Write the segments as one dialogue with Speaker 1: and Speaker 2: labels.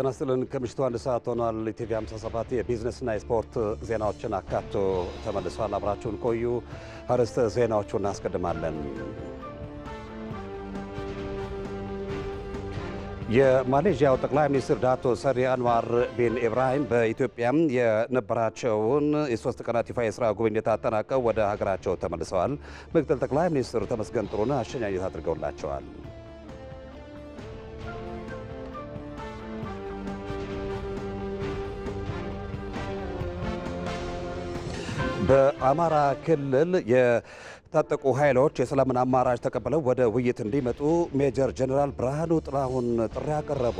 Speaker 1: ጤና ይስጥልን። ከምሽቱ አንድ ሰዓት ሆኗል። ኢቲቪ 57 የቢዝነስና የስፖርት ዜናዎችን አካቶ ተመልሷል። አብራችሁን ቆዩ። አርዕስተ ዜናዎቹን እናስቀድማለን። የማሌዥያው ጠቅላይ ሚኒስትር ዳቶ ሰሪ አንዋር ቢን ኢብራሂም በኢትዮጵያ የነበራቸውን የሶስት ቀናት ይፋ የስራ ጉብኝት አጠናቀው ወደ ሀገራቸው ተመልሰዋል። ምክትል ጠቅላይ ሚኒስትር ተመስገን ጥሩነህ አሸኛኘት አድርገውላቸዋል። በአማራ ክልል የታጠቁ ኃይሎች የሰላምን አማራጭ ተቀብለው ወደ ውይይት እንዲመጡ ሜጀር ጀኔራል ብርሃኑ ጥላሁን ጥሪ አቀረቡ።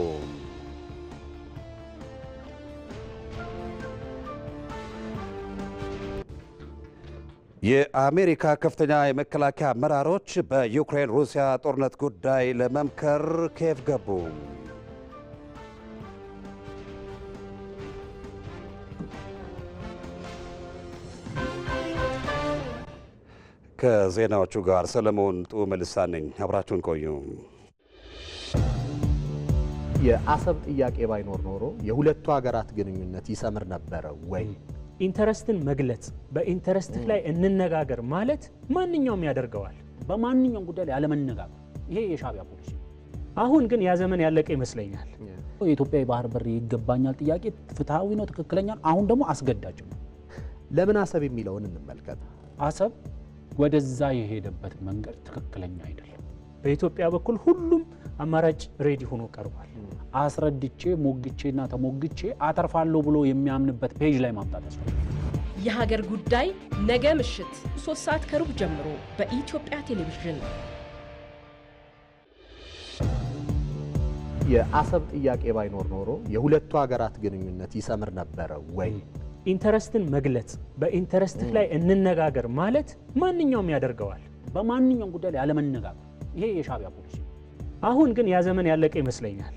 Speaker 1: የአሜሪካ ከፍተኛ የመከላከያ አመራሮች በዩክሬን ሩሲያ ጦርነት ጉዳይ ለመምከር ኬቭ ገቡ። ከዜናዎቹ ጋር ሰለሞን ጡ መልሳ ነኝ። አብራችሁን ቆዩ።
Speaker 2: የአሰብ ጥያቄ ባይኖር ኖሮ የሁለቱ ሀገራት ግንኙነት ይሰምር ነበረ ወይ?
Speaker 3: ኢንተረስትን መግለጽ፣ በኢንተረስትህ ላይ እንነጋገር ማለት ማንኛውም ያደርገዋል። በማንኛውም ጉዳይ ላይ አለመነጋገር፣ ይሄ የሻቢያ ፖሊሲ። አሁን ግን ያ ዘመን ያለቀ ይመስለኛል። የኢትዮጵያ የባህር በር ይገባኛል ጥያቄ ፍትሐዊ ነው፣ ትክክለኛ ነው። አሁን ደግሞ አስገዳጅ ነው።
Speaker 2: ለምን አሰብ የሚለውን እንመልከት።
Speaker 3: አሰብ ወደዛ የሄደበት መንገድ ትክክለኛ አይደለም።
Speaker 4: በኢትዮጵያ በኩል ሁሉም አማራጭ ሬዲ ሆኖ ቀርቧል።
Speaker 3: አስረድቼ ሞግቼና ተሞግቼ አተርፋለሁ ብሎ የሚያምንበት ፔጅ ላይ ማምጣት ያስፈልጋል።
Speaker 5: የሀገር ጉዳይ ነገ ምሽት ሶስት ሰዓት ከሩብ ጀምሮ በኢትዮጵያ ቴሌቪዥን።
Speaker 2: የአሰብ ጥያቄ ባይኖር ኖሮ የሁለቱ ሀገራት ግንኙነት ይሰምር ነበረ ወይ?
Speaker 3: ኢንተረስትን መግለጽ፣ በኢንተረስትህ ላይ እንነጋገር ማለት ማንኛውም ያደርገዋል። በማንኛውም ጉዳይ ላይ አለመነጋገር፣ ይሄ የሻቢያ ፖሊሲ። አሁን ግን ያ ዘመን ያለቀ ይመስለኛል።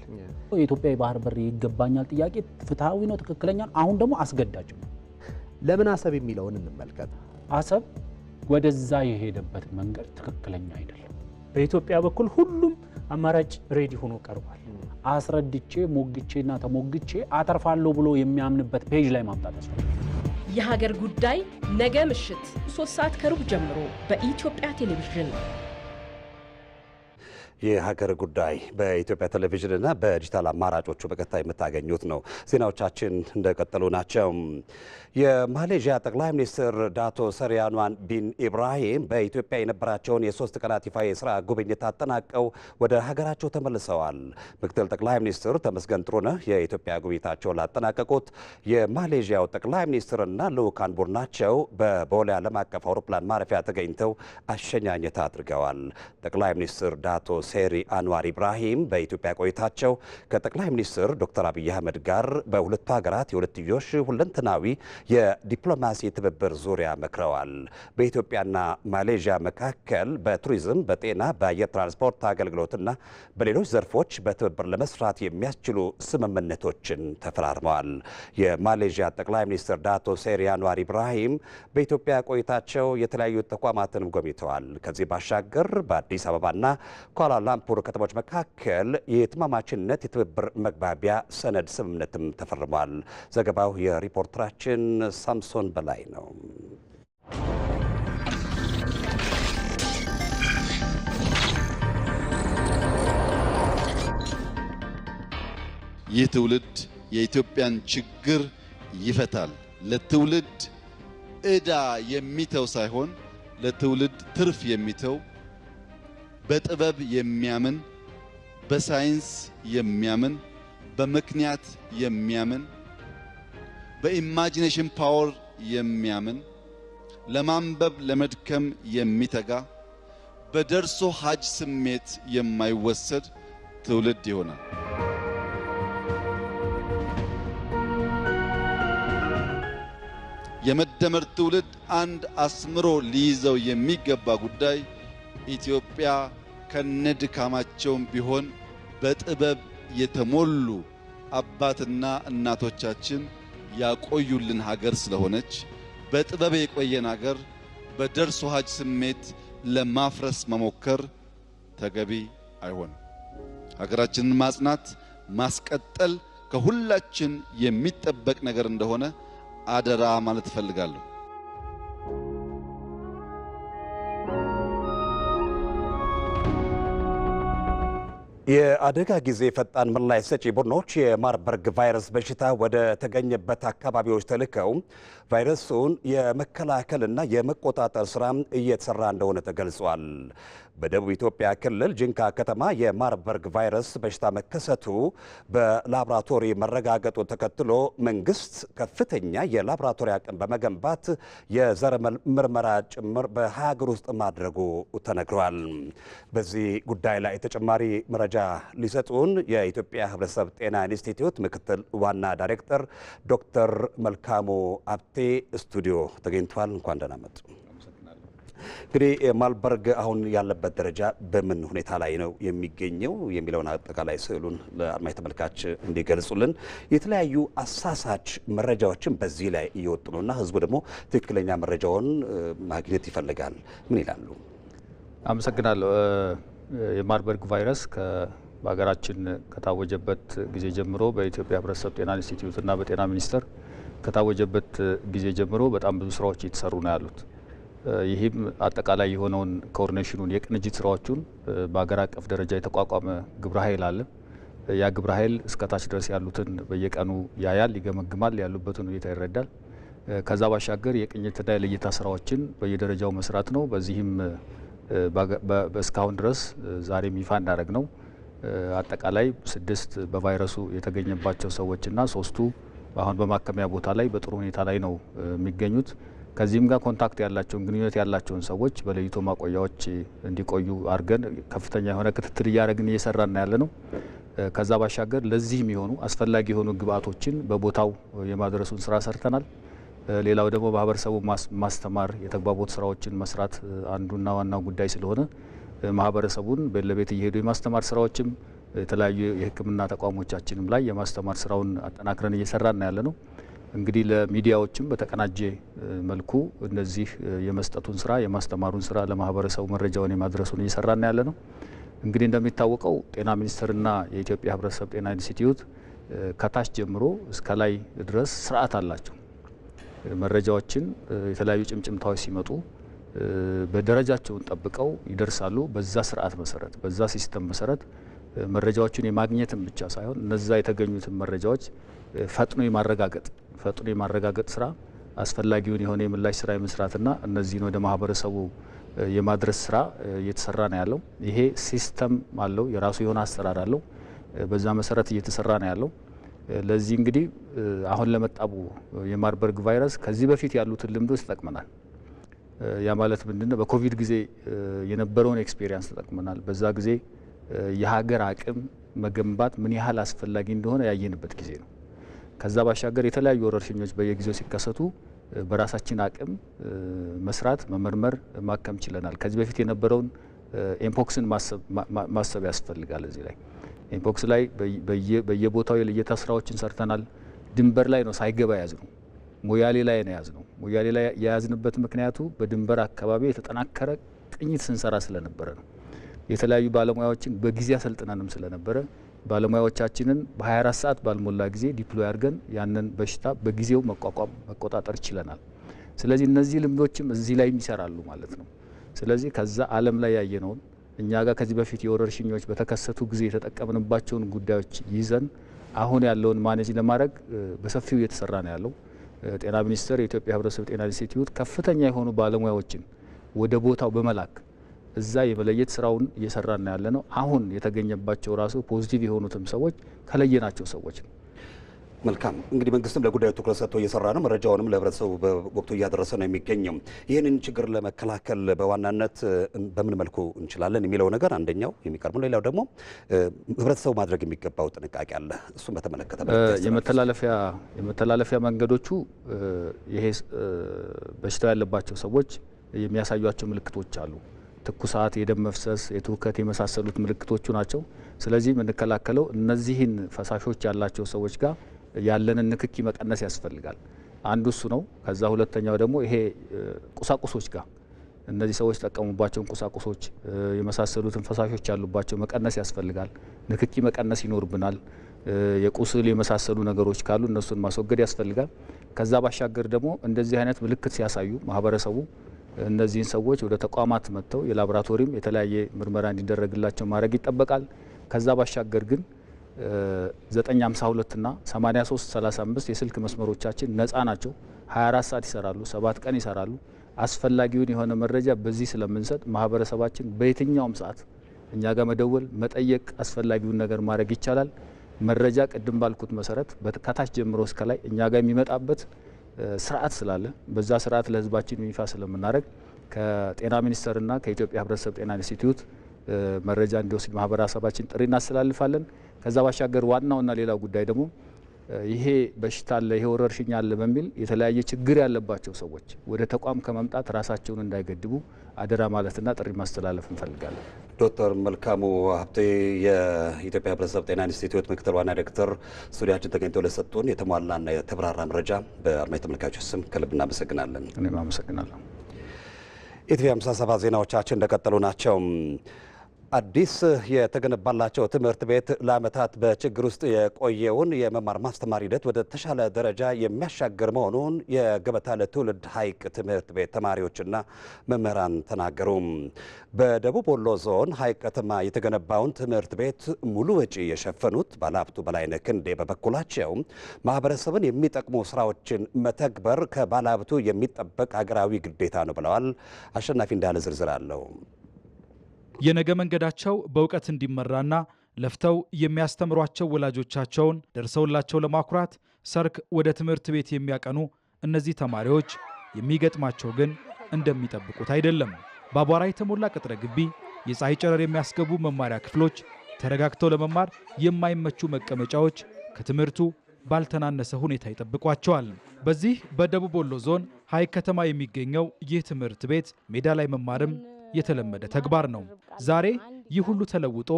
Speaker 3: የኢትዮጵያ የባህር በር ይገባኛል ጥያቄ ፍትሐዊ ነው፣ ትክክለኛ ነው። አሁን ደግሞ አስገዳጅ ነው።
Speaker 2: ለምን አሰብ የሚለውን እንመልከት።
Speaker 3: አሰብ ወደዛ የሄደበት መንገድ ትክክለኛ አይደለም።
Speaker 4: በኢትዮጵያ በኩል ሁሉም አማራጭ ሬዲ ሆኖ ቀርቧል።
Speaker 3: አስረድቼ ሞግቼና ተሞግቼ አተርፋለሁ ብሎ የሚያምንበት ፔጅ ላይ ማምጣት ያስፈልጋል።
Speaker 5: የሀገር ጉዳይ ነገ ምሽት ሶስት ሰዓት ከሩብ ጀምሮ በኢትዮጵያ ቴሌቪዥን
Speaker 1: የሀገር ጉዳይ በኢትዮጵያ ቴሌቪዥንና በዲጂታል አማራጮቹ በቀጥታ የምታገኙት ነው። ዜናዎቻችን እንደቀጠሉ ናቸው። የማሌዥያ ጠቅላይ ሚኒስትር ዳቶ ሰሪያኗን ቢን ኢብራሂም በኢትዮጵያ የነበራቸውን የሶስት ቀናት ይፋ የስራ ጉብኝት አጠናቀው ወደ ሀገራቸው ተመልሰዋል። ምክትል ጠቅላይ ሚኒስትር ተመስገን ጥሩነህ የኢትዮጵያ ጉብኝታቸውን ላጠናቀቁት የማሌዥያው ጠቅላይ ሚኒስትርና ልዑካን ቡድናቸው በቦሌ ዓለም አቀፍ አውሮፕላን ማረፊያ ተገኝተው አሸኛኘት አድርገዋል። ጠቅላይ ሚኒስትር ዳቶ ሴሪ አንዋር ኢብራሂም በኢትዮጵያ ቆይታቸው ከጠቅላይ ሚኒስትር ዶክተር አብይ አህመድ ጋር በሁለቱ ሀገራት የሁለትዮሽ ሁለንተናዊ የዲፕሎማሲ ትብብር ዙሪያ መክረዋል። በኢትዮጵያና ማሌዥያ መካከል በቱሪዝም፣ በጤና፣ በአየር ትራንስፖርት አገልግሎትና በሌሎች ዘርፎች በትብብር ለመስራት የሚያስችሉ ስምምነቶችን ተፈራርመዋል። የማሌዥያ ጠቅላይ ሚኒስትር ዳቶ ሴሪ አንዋር ኢብራሂም በኢትዮጵያ ቆይታቸው የተለያዩ ተቋማትን ጎብኝተዋል። ከዚህ ባሻገር በአዲስ አበባና ኳላ ላምፑር ከተሞች መካከል የትማማችነት የትብብር መግባቢያ ሰነድ ስምምነትም ተፈርሟል። ዘገባው የሪፖርተራችን ሳምሶን በላይ ነው።
Speaker 6: ይህ ትውልድ የኢትዮጵያን ችግር ይፈታል። ለትውልድ ዕዳ የሚተው ሳይሆን ለትውልድ ትርፍ የሚተው በጥበብ የሚያምን በሳይንስ የሚያምን በምክንያት የሚያምን በኢማጂኔሽን ፓወር የሚያምን ለማንበብ ለመድከም የሚተጋ በደርሶ ሀጅ ስሜት የማይወሰድ ትውልድ ይሆናል። የመደመር ትውልድ አንድ አስምሮ ሊይዘው የሚገባ ጉዳይ ኢትዮጵያ ድካማቸውም ቢሆን በጥበብ የተሞሉ አባትና እናቶቻችን ያቆዩልን ሀገር ስለሆነች በጥበብ የቆየን ሀገር በደርሶ ሀጅ ስሜት ለማፍረስ መሞከር ተገቢ አይሆንም። ሀገራችንን ማጽናት ማስቀጠል ከሁላችን የሚጠበቅ ነገር እንደሆነ አደራ ማለት እፈልጋለሁ።
Speaker 1: የአደጋ ጊዜ ፈጣን ምላሽ ሰጪ ቡድኖች የማርበርግ ቫይረስ በሽታ ወደ ተገኘበት አካባቢዎች ተልከው ቫይረሱን የመከላከልና የመቆጣጠር ስራ እየተሰራ እንደሆነ ተገልጿል። በደቡብ ኢትዮጵያ ክልል ጂንካ ከተማ የማርበርግ ቫይረስ በሽታ መከሰቱ በላብራቶሪ መረጋገጡን ተከትሎ መንግስት ከፍተኛ የላብራቶሪ አቅም በመገንባት የዘረመል ምርመራ ጭምር በሀገር ውስጥ ማድረጉ ተነግሯል። በዚህ ጉዳይ ላይ ተጨማሪ መረጃ ሊሰጡን የኢትዮጵያ ሕብረተሰብ ጤና ኢንስቲትዩት ምክትል ዋና ዳይሬክተር ዶክተር መልካሙ አብቴ ስቱዲዮ ተገኝቷል። እንኳን ደህና መጡ። እንግዲህ ማልበርግ አሁን ያለበት ደረጃ በምን ሁኔታ ላይ ነው የሚገኘው የሚለውን አጠቃላይ ስዕሉን ለአድማጭ ተመልካች እንዲገልጹልን የተለያዩ አሳሳች መረጃዎችን በዚህ ላይ እየወጡ ነው እና ህዝቡ ደግሞ ትክክለኛ መረጃውን ማግኘት ይፈልጋል። ምን ይላሉ?
Speaker 7: አመሰግናለሁ። የማርበርግ ቫይረስ በሀገራችን ከታወጀበት ጊዜ ጀምሮ በኢትዮጵያ ህብረተሰብ ጤና ኢንስቲትዩትና በጤና ሚኒስቴር ከታወጀበት ጊዜ ጀምሮ በጣም ብዙ ስራዎች እየተሰሩ ነው ያሉት ይህም አጠቃላይ የሆነውን ኮኦርዲኔሽኑን የቅንጅት ስራዎቹን በሀገር አቀፍ ደረጃ የተቋቋመ ግብረ ኃይል አለ። ያ ግብረ ኃይል እስከታች ድረስ ያሉትን በየቀኑ ያያል፣ ይገመግማል፣ ያሉበትን ሁኔታ ይረዳል። ከዛ ባሻገር የቅኝትና የልየታ ስራዎችን በየደረጃው መስራት ነው። በዚህም እስካሁን ድረስ ዛሬም ይፋ እንዳደረግ ነው አጠቃላይ ስድስት በቫይረሱ የተገኘባቸው ሰዎችና ሶስቱ አሁን በማከሚያ ቦታ ላይ በጥሩ ሁኔታ ላይ ነው የሚገኙት። ከዚህም ጋር ኮንታክት ያላቸውን ግንኙነት ያላቸውን ሰዎች በለይቶ ማቆያዎች እንዲቆዩ አድርገን ከፍተኛ የሆነ ክትትል እያደረግን እየሰራና ያለ ነው። ከዛ ባሻገር ለዚህ የሚሆኑ አስፈላጊ የሆኑ ግብዓቶችን በቦታው የማድረሱን ስራ ሰርተናል። ሌላው ደግሞ ማህበረሰቡ ማስተማር የተግባቦት ስራዎችን መስራት አንዱና ዋናው ጉዳይ ስለሆነ ማህበረሰቡን ቤት ለቤት እየሄዱ የማስተማር ስራዎችም የተለያዩ የሕክምና ተቋሞቻችንም ላይ የማስተማር ስራውን አጠናክረን እየሰራና ያለ ነው። እንግዲህ ለሚዲያዎችም በተቀናጀ መልኩ እነዚህ የመስጠቱን ስራ የማስተማሩን ስራ ለማህበረሰቡ መረጃውን የማድረሱን እየሰራና ያለ ነው። እንግዲህ እንደሚታወቀው ጤና ሚኒስቴርና የኢትዮጵያ ህብረተሰብ ጤና ኢንስቲትዩት ከታች ጀምሮ እስከ ላይ ድረስ ስርዓት አላቸው። መረጃዎችን የተለያዩ ጭምጭምታዎች ሲመጡ በደረጃቸውን ጠብቀው ይደርሳሉ። በዛ ስርዓት መሰረት፣ በዛ ሲስተም መሰረት መረጃዎችን የማግኘትን ብቻ ሳይሆን እነዛ የተገኙትን መረጃዎች ፈጥኖ የማረጋገጥ ፈጥኖ የማረጋገጥ ስራ አስፈላጊውን የሆነ የምላሽ ስራ የመስራትና እነዚህን ወደ ማህበረሰቡ የማድረስ ስራ እየተሰራ ነው ያለው። ይሄ ሲስተም አለው፣ የራሱ የሆነ አሰራር አለው። በዛ መሰረት እየተሰራ ነው ያለው። ለዚህ እንግዲህ አሁን ለመጣቡ የማርበርግ ቫይረስ ከዚህ በፊት ያሉትን ልምዶች ተጠቅመናል። ያ ማለት ምንድነው? በኮቪድ ጊዜ የነበረውን ኤክስፔሪንስ ተጠቅመናል። በዛ ጊዜ የሀገር አቅም መገንባት ምን ያህል አስፈላጊ እንደሆነ ያየንበት ጊዜ ነው። ከዛ ባሻገር የተለያዩ ወረርሽኞች በየጊዜው ሲከሰቱ በራሳችን አቅም መስራት፣ መመርመር፣ ማከም ችለናል። ከዚህ በፊት የነበረውን ኤምፖክስን ማሰብ ያስፈልጋል። እዚህ ላይ ኤምፖክስ ላይ በየቦታው የልየታ ስራዎችን ሰርተናል። ድንበር ላይ ነው ሳይገባ ያዝ ነው ሞያሌ ላይ ነው ያዝ ነው። ሞያሌ ላይ የያዝንበት ምክንያቱ በድንበር አካባቢ የተጠናከረ ቅኝት ስንሰራ ስለነበረ ነው። የተለያዩ ባለሙያዎችን በጊዜ አሰልጥነንም ስለነበረ ባለሙያዎቻችንን በ24 ሰዓት ባልሞላ ጊዜ ዲፕሎይ አድርገን ያንን በሽታ በጊዜው መቋቋም መቆጣጠር ችለናል። ስለዚህ እነዚህ ልምዶችም እዚህ ላይም ይሰራሉ ማለት ነው። ስለዚህ ከዛ ዓለም ላይ ያየነውን እኛ ጋር ከዚህ በፊት የወረርሽኞች በተከሰቱ ጊዜ የተጠቀምንባቸውን ጉዳዮች ይዘን አሁን ያለውን ማኔጅ ለማድረግ በሰፊው እየተሰራ ነው ያለው። ጤና ሚኒስቴር የኢትዮጵያ ሕብረተሰብ ጤና ኢንስቲትዩት ከፍተኛ የሆኑ ባለሙያዎችን ወደ ቦታው በመላክ እዛ የመለየት ስራውን እየሰራና ያለ ነው። አሁን የተገኘባቸው ራሱ ፖዚቲቭ የሆኑትም ሰዎች ከለየናቸው ሰዎች ነው።
Speaker 1: መልካም እንግዲህ መንግስትም ለጉዳዩ ትኩረት ሰጥቶ እየሰራ ነው። መረጃውንም ለህብረተሰቡ በወቅቱ እያደረሰ ነው የሚገኘው። ይህንን ችግር ለመከላከል በዋናነት በምን መልኩ እንችላለን የሚለው ነገር አንደኛው የሚቀርብ ሌላው ደግሞ ህብረተሰቡ ማድረግ የሚገባው ጥንቃቄ አለ። እሱም በተመለከተ
Speaker 7: የመተላለፊያ መንገዶቹ ይሄ በሽታው ያለባቸው ሰዎች የሚያሳዩቸው ምልክቶች አሉ። ትኩሳት፣ የደም መፍሰስ፣ የትውከት የመሳሰሉት ምልክቶቹ ናቸው። ስለዚህ የምንከላከለው እነዚህን ፈሳሾች ያላቸው ሰዎች ጋር ያለንን ንክኪ መቀነስ ያስፈልጋል። አንዱ እሱ ነው። ከዛ ሁለተኛው ደግሞ ይሄ ቁሳቁሶች ጋር እነዚህ ሰዎች ጠቀሙባቸውን ቁሳቁሶች የመሳሰሉትን ፈሳሾች ያሉባቸው መቀነስ ያስፈልጋል። ንክኪ መቀነስ ይኖርብናል። የቁስል የመሳሰሉ ነገሮች ካሉ እነሱን ማስወገድ ያስፈልጋል። ከዛ ባሻገር ደግሞ እንደዚህ አይነት ምልክት ሲያሳዩ ማህበረሰቡ እነዚህን ሰዎች ወደ ተቋማት መጥተው የላቦራቶሪም የተለያየ ምርመራ እንዲደረግላቸው ማድረግ ይጠበቃል። ከዛ ባሻገር ግን 952 እና 8335 የስልክ መስመሮቻችን ነፃ ናቸው። 24 ሰዓት ይሰራሉ፣ ሰባት ቀን ይሰራሉ። አስፈላጊውን የሆነ መረጃ በዚህ ስለምንሰጥ ማህበረሰባችን በየትኛውም ሰዓት እኛ ጋር መደወል፣ መጠየቅ፣ አስፈላጊውን ነገር ማድረግ ይቻላል። መረጃ ቅድም ባልኩት መሰረት ከታች ጀምሮ እስከ ላይ እኛ ጋር የሚመጣበት ስርዓት ስላለ በዛ ስርዓት ለህዝባችን ይፋ ስለምናደርግ ከጤና ሚኒስቴርና ከኢትዮጵያ ህብረተሰብ ጤና ኢንስቲትዩት መረጃ እንዲወስድ ማህበረሰባችን ጥሪ እናስተላልፋለን። ከዛ ባሻገር ዋናውና ሌላው ጉዳይ ደግሞ ይሄ በሽታ አለ፣ ይሄ ወረርሽኝ አለ በሚል የተለያየ ችግር ያለባቸው ሰዎች ወደ ተቋም ከመምጣት ራሳቸውን እንዳይገድቡ አደራ ማለትና ጥሪ ማስተላለፍ እንፈልጋለን።
Speaker 1: ዶክተር መልካሙ ሀብቴ የኢትዮጵያ ህብረተሰብ ጤና ኢንስቲትዩት ምክትል ዋና ዲሬክተር ስቱዲያችን ተገኝተው ለሰጡን የተሟላና የተብራራ መረጃ በአድማጭ ተመልካቾች ስም ከልብ እናመሰግናለን።
Speaker 2: እኔም አመሰግናለሁ።
Speaker 1: ኢቲቪ 57 ዜናዎቻችን እንደቀጠሉ ናቸው። አዲስ የተገነባላቸው ትምህርት ቤት ለዓመታት በችግር ውስጥ የቆየውን የመማር ማስተማር ሂደት ወደ ተሻለ ደረጃ የሚያሻግር መሆኑን የገበታ ለትውልድ ሐይቅ ትምህርት ቤት ተማሪዎችና መምህራን ተናገሩ። በደቡብ ወሎ ዞን ሐይቅ ከተማ የተገነባውን ትምህርት ቤት ሙሉ ወጪ የሸፈኑት ባለሀብቱ በላይነህ ክንዴ በበኩላቸው ማህበረሰብን የሚጠቅሙ ስራዎችን መተግበር ከባለሀብቱ የሚጠበቅ ሀገራዊ ግዴታ ነው ብለዋል። አሸናፊ እንዳለ ዝርዝር አለው።
Speaker 8: የነገ መንገዳቸው በእውቀት እንዲመራና ለፍተው የሚያስተምሯቸው ወላጆቻቸውን ደርሰውላቸው ለማኩራት ሰርክ ወደ ትምህርት ቤት የሚያቀኑ እነዚህ ተማሪዎች የሚገጥማቸው ግን እንደሚጠብቁት አይደለም። በአቧራ የተሞላ ቅጥረ ግቢ፣ የፀሐይ ጨረር የሚያስገቡ መማሪያ ክፍሎች፣ ተረጋግተው ለመማር የማይመቹ መቀመጫዎች ከትምህርቱ ባልተናነሰ ሁኔታ ይጠብቋቸዋል። በዚህ በደቡብ ወሎ ዞን ሀይቅ ከተማ የሚገኘው ይህ ትምህርት ቤት ሜዳ ላይ መማርም የተለመደ ተግባር ነው። ዛሬ ይህ ሁሉ ተለውጦ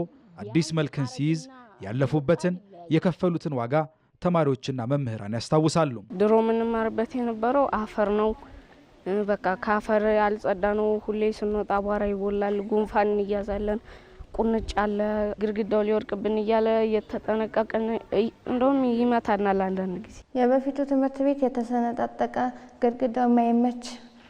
Speaker 8: አዲስ መልክን ሲይዝ ያለፉበትን የከፈሉትን ዋጋ ተማሪዎችና መምህራን ያስታውሳሉ።
Speaker 9: ድሮ የምንማርበት የነበረው አፈር ነው። በቃ ከአፈር ያልጸዳ ነው። ሁሌ ስንወጣ አቧራ ይቦላል፣ ጉንፋን እንያዛለን፣ ቁንጭ አለ፣ ግድግዳው ሊወድቅብን እያለ እየተጠነቀቅን እንደውም ይመታናል አንዳንድ ጊዜ።
Speaker 10: የበፊቱ ትምህርት ቤት የተሰነጣጠቀ ግድግዳው የማይመች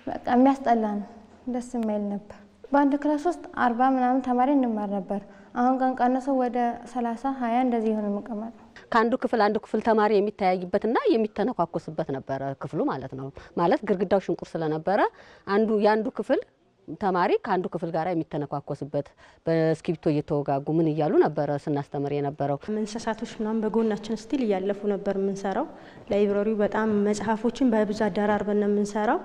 Speaker 10: በቃ የሚያስጠላ ነው፣ ደስ የማይል ነበር። በአንድ ክላስ ውስጥ አርባ ምናምን ተማሪ እንማር ነበር። አሁን ቀን ቀንሰው ወደ ሰላሳ ሀያ እንደዚህ ይሆን የምቀመጥ
Speaker 11: ከአንዱ ክፍል አንዱ ክፍል ተማሪ የሚተያይበትና የሚተነኳኮስበት ነበረ ክፍሉ ማለት ነው። ማለት ግድግዳው ሽንቁር ስለነበረ አንዱ የአንዱ ክፍል ተማሪ ከአንዱ ክፍል ጋር የሚተነኳኮስበት በእስክሪብቶ እየተወጋጉ ምን እያሉ ነበረ ስናስተምር የነበረው።
Speaker 12: እንስሳቶች ምናምን በጎናችን ስቲል እያለፉ ነበር የምንሰራው። ላይብረሪው በጣም መጽሐፎችን በብዛት ደራርበን ነው የምንሰራው።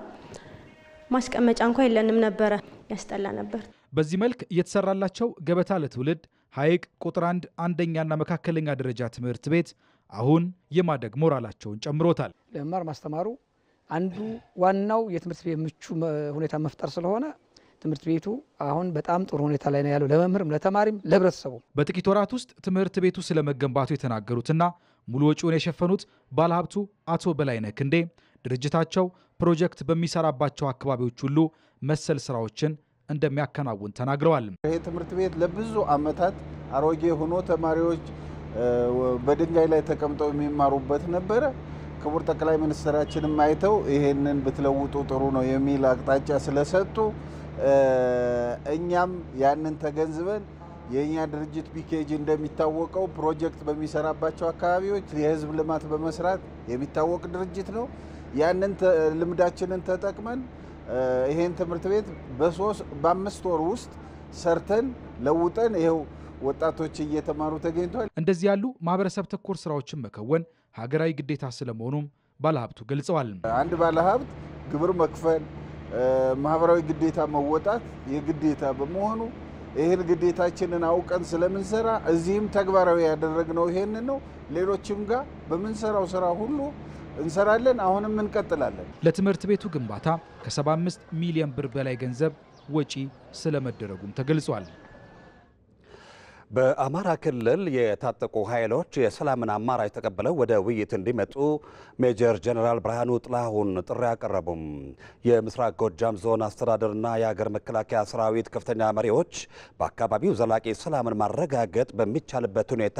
Speaker 12: ማስቀመጫ እንኳ የለንም ነበረ። ያስጠላ ነበር።
Speaker 8: በዚህ መልክ እየተሰራላቸው ገበታ ለትውልድ ሐይቅ ቁጥር አንድ አንደኛና መካከለኛ ደረጃ ትምህርት ቤት አሁን የማደግ ሞራላቸውን ጨምሮታል።
Speaker 13: ለመማር ማስተማሩ አንዱ ዋናው የትምህርት ቤት ምቹ ሁኔታ መፍጠር ስለሆነ ትምህርት ቤቱ አሁን በጣም ጥሩ ሁኔታ ላይ ነው ያለው፣ ለመምህርም ለተማሪም ለህብረተሰቡ።
Speaker 8: በጥቂት ወራት ውስጥ ትምህርት ቤቱ ስለመገንባቱ የተናገሩትና ሙሉ ወጪውን የሸፈኑት ባለሀብቱ አቶ በላይነህ ክንዴ ድርጅታቸው ፕሮጀክት በሚሰራባቸው አካባቢዎች ሁሉ መሰል ስራዎችን እንደሚያከናውን ተናግረዋል።
Speaker 14: ይሄ ትምህርት ቤት ለብዙ ዓመታት አሮጌ ሆኖ ተማሪዎች በድንጋይ ላይ ተቀምጠው የሚማሩበት ነበረ። ክቡር ጠቅላይ ሚኒስትራችንም አይተው ይሄንን ብትለውጡ ጥሩ ነው የሚል አቅጣጫ ስለሰጡ እኛም ያንን ተገንዝበን የእኛ ድርጅት ቢኬጅ እንደሚታወቀው ፕሮጀክት በሚሰራባቸው አካባቢዎች የህዝብ ልማት በመስራት የሚታወቅ ድርጅት ነው። ያንን ልምዳችንን ተጠቅመን ይሄን ትምህርት ቤት በሶስት በአምስት ወር ውስጥ ሰርተን ለውጠን ይኸው ወጣቶች እየተማሩ ተገኝቷል።
Speaker 8: እንደዚህ ያሉ ማህበረሰብ ተኮር ስራዎችን መከወን ሀገራዊ ግዴታ ስለመሆኑም ባለሀብቱ ገልጸዋል።
Speaker 14: አንድ ባለሀብት ግብር መክፈል ማህበራዊ ግዴታ መወጣት የግዴታ በመሆኑ ይህን ግዴታችንን አውቀን ስለምንሰራ እዚህም ተግባራዊ ያደረግነው ይሄንን ነው። ሌሎችም ጋር በምንሰራው ስራ ሁሉ እንሰራለን። አሁንም እንቀጥላለን።
Speaker 8: ለትምህርት ቤቱ ግንባታ ከ75 ሚሊዮን ብር በላይ ገንዘብ ወጪ ስለመደረጉም ተገልጿል።
Speaker 1: በአማራ ክልል የታጠቁ ኃይሎች የሰላምን አማራጭ ተቀብለው ወደ ውይይት እንዲመጡ ሜጀር ጀነራል ብርሃኑ ጥላሁን ጥሪ አቀረቡም። የምስራቅ ጎጃም ዞን አስተዳደርና የአገር መከላከያ ሰራዊት ከፍተኛ መሪዎች በአካባቢው ዘላቂ ሰላምን ማረጋገጥ በሚቻልበት ሁኔታ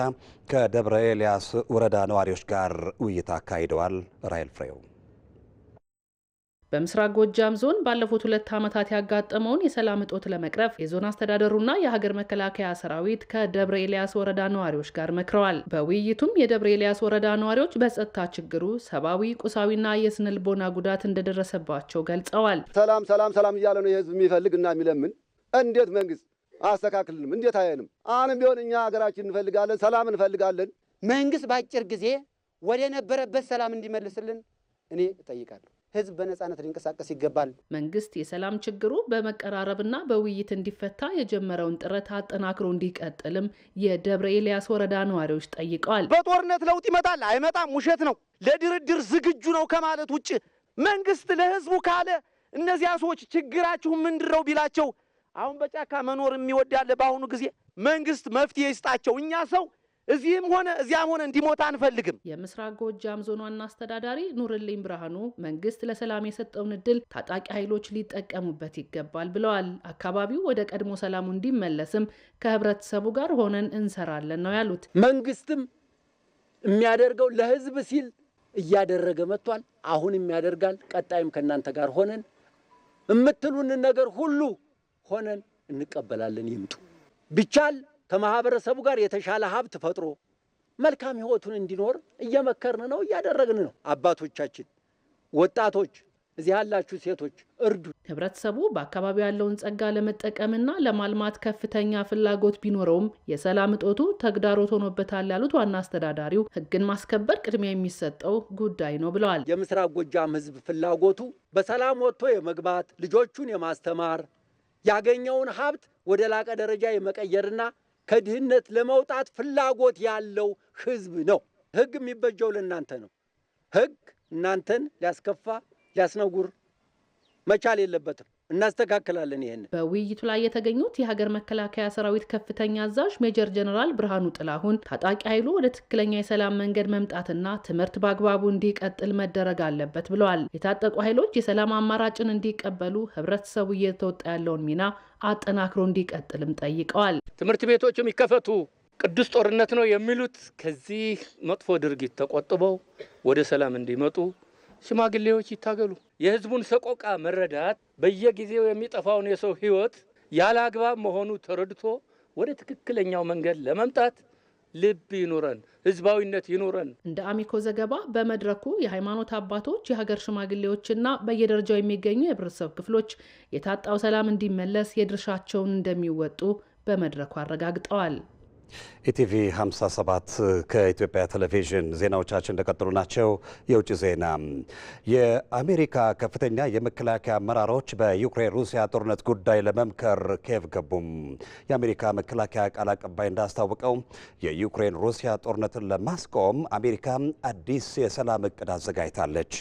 Speaker 1: ከደብረ ኤልያስ ወረዳ ነዋሪዎች ጋር ውይይት አካሂደዋል። ራይል ፍሬው
Speaker 15: በምስራቅ ጎጃም ዞን ባለፉት ሁለት ዓመታት ያጋጠመውን የሰላም እጦት ለመቅረፍ የዞን አስተዳደሩና የሀገር መከላከያ ሰራዊት ከደብረ ኤልያስ ወረዳ ነዋሪዎች ጋር መክረዋል። በውይይቱም የደብረ ኤልያስ ወረዳ ነዋሪዎች በጸጥታ ችግሩ ሰብአዊ፣ ቁሳዊና የስነ ልቦና ጉዳት እንደደረሰባቸው ገልጸዋል።
Speaker 16: ሰላም ሰላም ሰላም እያለ ነው የህዝብ የሚፈልግ እና የሚለምን እንዴት መንግስት አስተካክልንም እንዴት አየንም? አሁንም ቢሆን እኛ ሀገራችን እንፈልጋለን፣ ሰላም እንፈልጋለን።
Speaker 17: መንግስት በአጭር ጊዜ ወደ ነበረበት ሰላም እንዲመልስልን እኔ እጠይቃለሁ። ህዝብ በነጻነት ሊንቀሳቀስ ይገባል።
Speaker 18: መንግስት የሰላም ችግሩ በመቀራረብና በውይይት እንዲፈታ የጀመረውን ጥረት አጠናክሮ እንዲቀጥልም የደብረ ኤልያስ ወረዳ ነዋሪዎች ጠይቀዋል።
Speaker 19: በጦርነት ለውጥ ይመጣል አይመጣም ውሸት ነው፣ ለድርድር ዝግጁ ነው ከማለት ውጭ መንግስት ለህዝቡ ካለ እነዚያ ሰዎች ችግራችሁ ምንድረው ቢላቸው አሁን በጫካ መኖር ያለ በአሁኑ ጊዜ መንግስት መፍትሄ ይስጣቸው እኛ ሰው እዚህም ሆነ እዚያም ሆነ እንዲሞታ አንፈልግም።
Speaker 18: የምስራቅ ጎጃም ዞን ዋና አስተዳዳሪ ኑርልኝ ብርሃኑ መንግስት ለሰላም የሰጠውን እድል ታጣቂ ኃይሎች ሊጠቀሙበት ይገባል ብለዋል። አካባቢው ወደ ቀድሞ ሰላሙ እንዲመለስም ከህብረተሰቡ ጋር ሆነን እንሰራለን ነው ያሉት።
Speaker 20: መንግስትም የሚያደርገው ለህዝብ ሲል እያደረገ መጥቷል። አሁንም ያደርጋል። ቀጣይም ከእናንተ ጋር ሆነን የምትሉንን ነገር ሁሉ ሆነን እንቀበላለን። ይምጡ ቢቻል ከማህበረሰቡ ጋር የተሻለ ሀብት ፈጥሮ መልካም ህይወቱን እንዲኖር እየመከርን ነው፣ እያደረግን ነው። አባቶቻችን፣ ወጣቶች፣ እዚህ ያላችሁ ሴቶች እርዱ።
Speaker 18: ህብረተሰቡ በአካባቢው ያለውን ጸጋ ለመጠቀምና ለማልማት ከፍተኛ ፍላጎት ቢኖረውም የሰላም እጦቱ ተግዳሮት ሆኖበታል ያሉት ዋና አስተዳዳሪው ህግን ማስከበር ቅድሚያ የሚሰጠው ጉዳይ ነው ብለዋል።
Speaker 21: የምስራቅ ጎጃም ህዝብ ፍላጎቱ በሰላም ወጥቶ የመግባት ልጆቹን የማስተማር ያገኘውን ሀብት ወደ ላቀ ደረጃ የመቀየርና ከድህነት ለመውጣት ፍላጎት ያለው ህዝብ ነው። ህግ የሚበጀው ለእናንተ ነው። ህግ እናንተን ሊያስከፋ ሊያስነጉር መቻል የለበትም። እናስተካክላለን። ይህን
Speaker 18: በውይይቱ ላይ የተገኙት የሀገር መከላከያ ሰራዊት ከፍተኛ አዛዥ ሜጀር ጀነራል ብርሃኑ ጥላሁን ታጣቂ ኃይሉ ወደ ትክክለኛ የሰላም መንገድ መምጣትና ትምህርት በአግባቡ እንዲቀጥል መደረግ አለበት ብለዋል። የታጠቁ ኃይሎች የሰላም አማራጭን እንዲቀበሉ ህብረተሰቡ እየተወጣ ያለውን ሚና አጠናክሮ እንዲቀጥልም ጠይቀዋል።
Speaker 22: ትምህርት ቤቶች የሚከፈቱ ቅዱስ ጦርነት ነው የሚሉት ከዚህ መጥፎ ድርጊት ተቆጥበው ወደ ሰላም እንዲመጡ ሽማግሌዎች ይታገሉ። የህዝቡን ሰቆቃ መረዳት፣ በየጊዜው የሚጠፋውን የሰው ህይወት ያለ አግባብ መሆኑ ተረድቶ ወደ ትክክለኛው መንገድ ለመምጣት ልብ ይኑረን፣ ህዝባዊነት ይኑረን።
Speaker 18: እንደ አሚኮ ዘገባ በመድረኩ የሃይማኖት አባቶች፣ የሀገር ሽማግሌዎችና በየደረጃው የሚገኙ የህብረተሰብ ክፍሎች የታጣው ሰላም እንዲመለስ የድርሻቸውን እንደሚወጡ በመድረኩ አረጋግጠዋል።
Speaker 1: ኢቲቪ 57 ከኢትዮጵያ ቴሌቪዥን ዜናዎቻችን እንደቀጠሉ ናቸው። የውጭ ዜና። የአሜሪካ ከፍተኛ የመከላከያ አመራሮች በዩክሬን ሩሲያ ጦርነት ጉዳይ ለመምከር ኬቭ ገቡም። የአሜሪካ መከላከያ ቃል አቀባይ እንዳስታወቀው የዩክሬን ሩሲያ ጦርነትን ለማስቆም አሜሪካ አዲስ የሰላም እቅድ አዘጋጅታለች።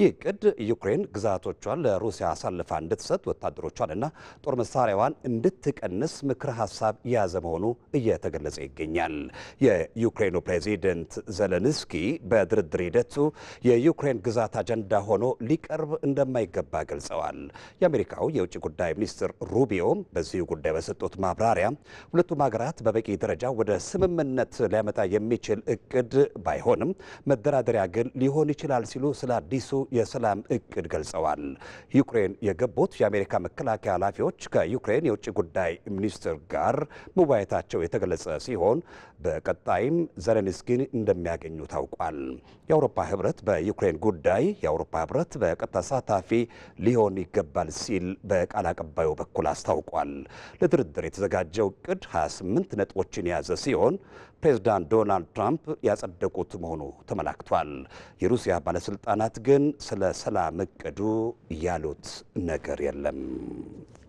Speaker 1: ይህ እቅድ ዩክሬን ግዛቶቿን ለሩሲያ አሳልፋ እንድትሰጥ ወታደሮቿንና ጦር መሳሪያዋን እንድትቀንስ ምክረ ሀሳብ የያዘ መሆኑ እየተገ እየተገለጸ ይገኛል። የዩክሬኑ ፕሬዚደንት ዘለንስኪ በድርድር ሂደቱ የዩክሬን ግዛት አጀንዳ ሆኖ ሊቀርብ እንደማይገባ ገልጸዋል። የአሜሪካው የውጭ ጉዳይ ሚኒስትር ሩቢዮ በዚሁ ጉዳይ በሰጡት ማብራሪያ ሁለቱም ሀገራት በበቂ ደረጃ ወደ ስምምነት ሊያመጣ የሚችል እቅድ ባይሆንም መደራደሪያ ግን ሊሆን ይችላል ሲሉ ስለ አዲሱ የሰላም እቅድ ገልጸዋል። ዩክሬን የገቡት የአሜሪካ መከላከያ ኃላፊዎች ከዩክሬን የውጭ ጉዳይ ሚኒስትር ጋር መወያየታቸው የተገለጸ የገለጸ ሲሆን በቀጣይም ዘለንስኪን እንደሚያገኙ ታውቋል። የአውሮፓ ህብረት በዩክሬን ጉዳይ የአውሮፓ ህብረት በቀጥታ ተሳታፊ ሊሆን ይገባል ሲል በቃል አቀባዩ በኩል አስታውቋል። ለድርድር የተዘጋጀው እቅድ 28 ነጥቦችን የያዘ ሲሆን ፕሬዝዳንት ዶናልድ ትራምፕ ያጸደቁት መሆኑ ተመላክቷል። የሩሲያ ባለስልጣናት ግን ስለ ሰላም እቅዱ ያሉት ነገር የለም።